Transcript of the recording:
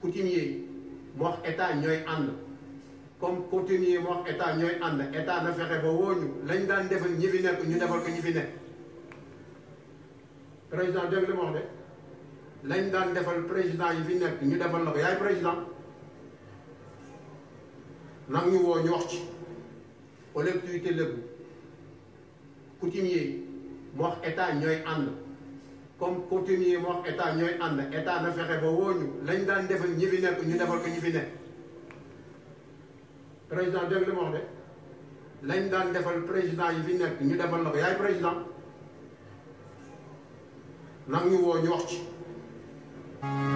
coutumier yi moo wax état ñooy ànd comme coutumier yi moo wax état ñooy ànd état na fexe ba woo ñu lañ daan defal ñi fi nekk ñu defal ko ñi fi nekk président dégg li ma wax de lañ daan defal président yi fi nekk ñu defal la ko yaay président nag ñu woo ñu wax ci collectivité lébu coutumier yi moo wax état ñooy ànd comme coutumier moo wax état ñooy ànd état na fexe ba wooñu lañ daan defal ñi fi nekk ñu defal ko ñi fi nekk président dégg li ma wax de lañ daan defal président yi fi nekk ñu defal la ko yaay président nag ñu woo ñu wax ci